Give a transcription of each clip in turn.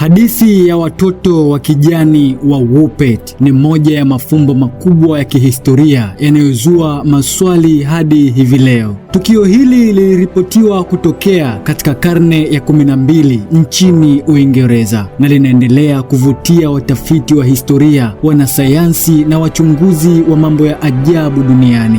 Hadithi ya watoto wa kijani wa Wopet ni moja ya mafumbo makubwa ya kihistoria yanayozua maswali hadi hivi leo. Tukio hili liliripotiwa kutokea katika karne ya 12 nchini Uingereza na linaendelea kuvutia watafiti wa historia, wanasayansi na wachunguzi wa mambo ya ajabu duniani.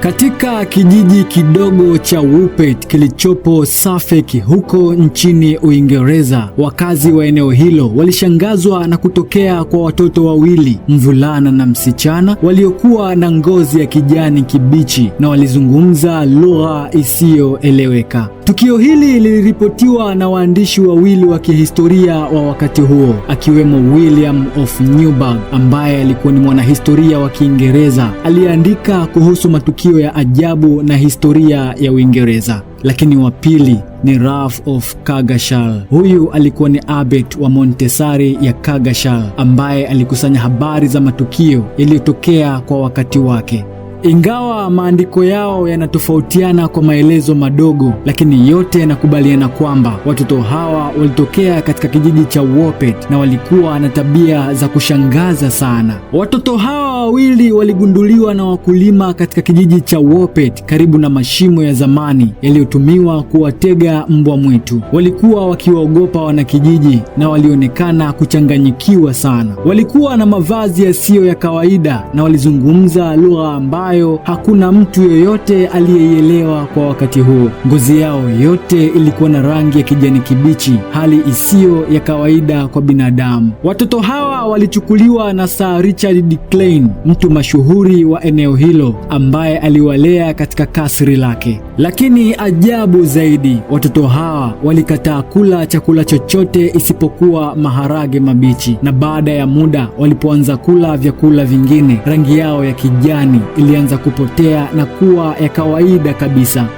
Katika kijiji kidogo cha Woolpit kilichopo Suffolk huko nchini Uingereza, wakazi wa eneo hilo walishangazwa na kutokea kwa watoto wawili, mvulana na msichana, waliokuwa na ngozi ya kijani kibichi na walizungumza lugha isiyoeleweka. Tukio hili liliripotiwa na waandishi wawili wa kihistoria wa wakati huo, akiwemo William of Newburgh ambaye alikuwa ni mwanahistoria wa Kiingereza aliyeandika kuhusu matukio matukio ya ajabu na historia ya Uingereza. Lakini wa pili ni Ralph of Kagashal. Huyu alikuwa ni abbot wa Montessori ya Kagashal ambaye alikusanya habari za matukio yaliyotokea kwa wakati wake. Ingawa maandiko yao yanatofautiana kwa maelezo madogo, lakini yote yanakubaliana kwamba watoto hawa walitokea katika kijiji cha Wopet na walikuwa na tabia za kushangaza sana. Watoto hawa wawili waligunduliwa na wakulima katika kijiji cha Wopet karibu na mashimo ya zamani yaliyotumiwa kuwatega mbwa mwitu. Walikuwa wakiwaogopa wanakijiji na walionekana kuchanganyikiwa sana. Walikuwa na mavazi yasiyo ya kawaida na walizungumza lugha ambayo ambayo hakuna mtu yoyote aliyeielewa kwa wakati huo. Ngozi yao yote ilikuwa na rangi ya kijani kibichi, hali isiyo ya kawaida kwa binadamu. Watoto hawa walichukuliwa na Sir Richard de mtu mashuhuri wa eneo hilo, ambaye aliwalea katika kasri lake. Lakini ajabu zaidi, watoto hawa walikataa kula chakula chochote isipokuwa maharage mabichi, na baada ya muda walipoanza kula vyakula vingine, rangi yao ya kijani ili yalianza kupotea na kuwa ya kawaida kabisa.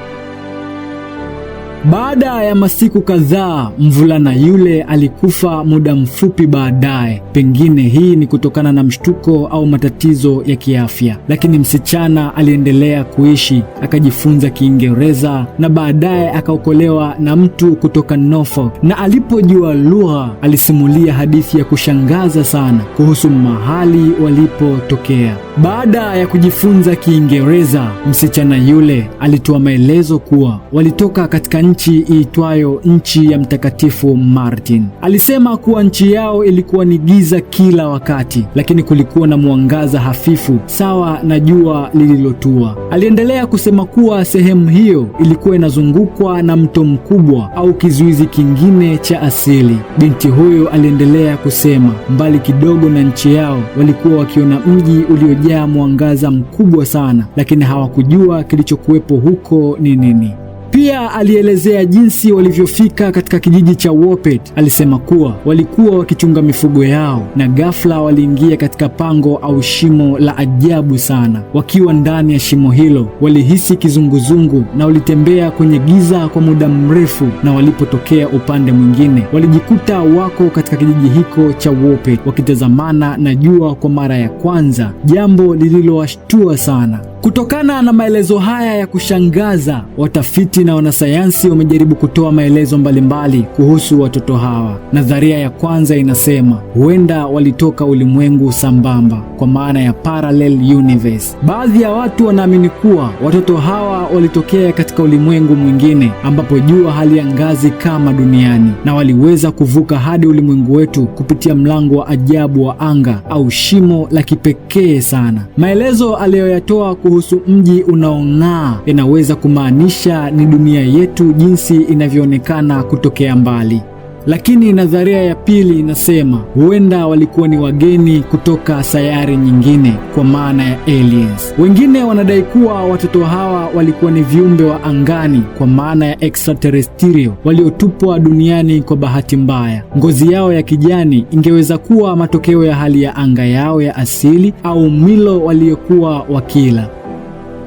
Baada ya masiku kadhaa, mvulana yule alikufa muda mfupi baadaye. Pengine hii ni kutokana na mshtuko au matatizo ya kiafya, lakini msichana aliendelea kuishi, akajifunza Kiingereza na baadaye akaokolewa na mtu kutoka Norfolk, na alipojua lugha alisimulia hadithi ya kushangaza sana kuhusu mahali walipotokea. Baada ya kujifunza Kiingereza, msichana yule alitoa maelezo kuwa walitoka katika nchi iitwayo nchi ya Mtakatifu Martin. Alisema kuwa nchi yao ilikuwa ni giza kila wakati, lakini kulikuwa na mwangaza hafifu sawa na jua lililotua. Aliendelea kusema kuwa sehemu hiyo ilikuwa inazungukwa na mto mkubwa au kizuizi kingine cha asili. Binti huyo aliendelea kusema, mbali kidogo na nchi yao walikuwa wakiona mji uliojaa mwangaza mkubwa sana, lakini hawakujua kilichokuwepo huko ni nini. Pia alielezea jinsi walivyofika katika kijiji cha Wopet. Alisema kuwa walikuwa wakichunga mifugo yao na ghafla waliingia katika pango au shimo la ajabu sana. Wakiwa ndani ya shimo hilo, walihisi kizunguzungu na walitembea kwenye giza kwa muda mrefu, na walipotokea upande mwingine, walijikuta wako katika kijiji hiko cha Wopet wakitazamana na jua kwa mara ya kwanza, jambo lililowashtua sana. Kutokana na maelezo haya ya kushangaza, watafiti na wanasayansi wamejaribu kutoa maelezo mbalimbali kuhusu watoto hawa. Nadharia ya kwanza inasema huenda walitoka ulimwengu sambamba, kwa maana ya parallel universe. Baadhi ya watu wanaamini kuwa watoto hawa walitokea katika ulimwengu mwingine ambapo jua haliangazi kama duniani, na waliweza kuvuka hadi ulimwengu wetu kupitia mlango wa ajabu wa anga au shimo la kipekee sana. Maelezo aliyoyatoa kuhusu mji unaong'aa yanaweza kumaanisha ni dunia yetu jinsi inavyoonekana kutokea mbali. Lakini nadharia ya pili inasema huenda walikuwa ni wageni kutoka sayari nyingine, kwa maana ya aliens. Wengine wanadai kuwa watoto hawa walikuwa ni viumbe wa angani, kwa maana ya extraterrestrial, waliotupwa duniani kwa bahati mbaya. Ngozi yao ya kijani ingeweza kuwa matokeo ya hali ya anga yao ya asili au milo waliokuwa wakila.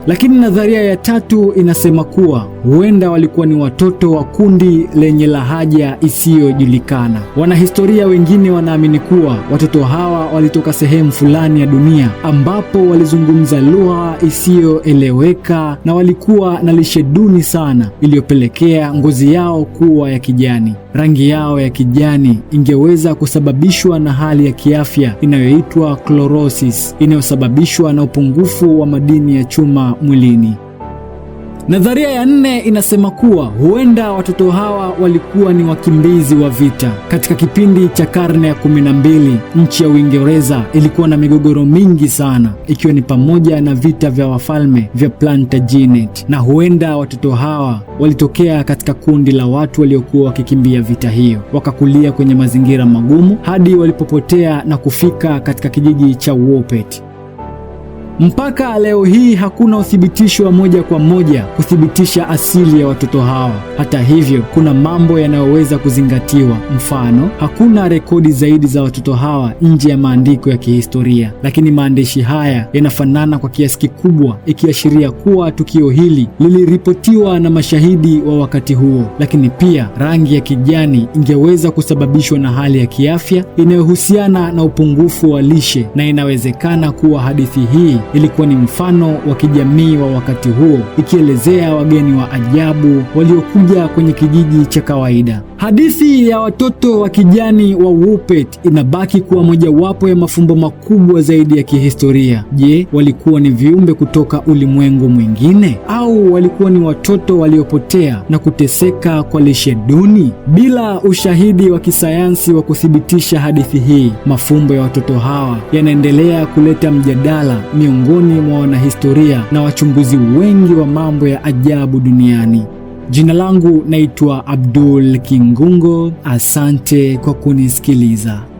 Lakini nadharia ya tatu inasema kuwa huenda walikuwa ni watoto wa kundi lenye lahaja isiyojulikana. Wanahistoria wengine wanaamini kuwa watoto hawa walitoka sehemu fulani ya dunia ambapo walizungumza lugha isiyoeleweka na walikuwa na lishe duni sana iliyopelekea ngozi yao kuwa ya kijani. Rangi yao ya kijani ingeweza kusababishwa na hali ya kiafya inayoitwa klorosis inayosababishwa na upungufu wa madini ya chuma mwilini. Nadharia ya nne inasema kuwa huenda watoto hawa walikuwa ni wakimbizi wa vita. Katika kipindi cha karne ya kumi na mbili, nchi ya Uingereza ilikuwa na migogoro mingi sana, ikiwa ni pamoja na vita vya wafalme vya Plantagenet, na huenda watoto hawa walitokea katika kundi la watu waliokuwa wakikimbia vita hiyo, wakakulia kwenye mazingira magumu hadi walipopotea na kufika katika kijiji cha Wopet. Mpaka leo hii hakuna uthibitisho wa moja kwa moja kuthibitisha asili ya watoto hawa. Hata hivyo, kuna mambo yanayoweza kuzingatiwa. Mfano, hakuna rekodi zaidi za watoto hawa nje ya maandiko ya kihistoria, lakini maandishi haya yanafanana kwa kiasi kikubwa, ikiashiria kuwa tukio hili liliripotiwa na mashahidi wa wakati huo. Lakini pia rangi ya kijani ingeweza kusababishwa na hali ya kiafya inayohusiana na upungufu wa lishe, na inawezekana kuwa hadithi hii ilikuwa ni mfano wa kijamii wa wakati huo, ikielezea wageni wa ajabu waliokuja kwenye kijiji cha kawaida. Hadithi ya watoto wa kijani wa Wupet inabaki kuwa mojawapo ya mafumbo makubwa zaidi ya kihistoria. Je, walikuwa ni viumbe kutoka ulimwengu mwingine au walikuwa ni watoto waliopotea na kuteseka kwa lishe duni? Bila ushahidi wa kisayansi wa kuthibitisha hadithi hii, mafumbo ya watoto hawa yanaendelea kuleta mjadala miongoni miongoni mwa wanahistoria na wachunguzi wengi wa mambo ya ajabu duniani. Jina langu naitwa Abdul Kingungo. Asante kwa kunisikiliza.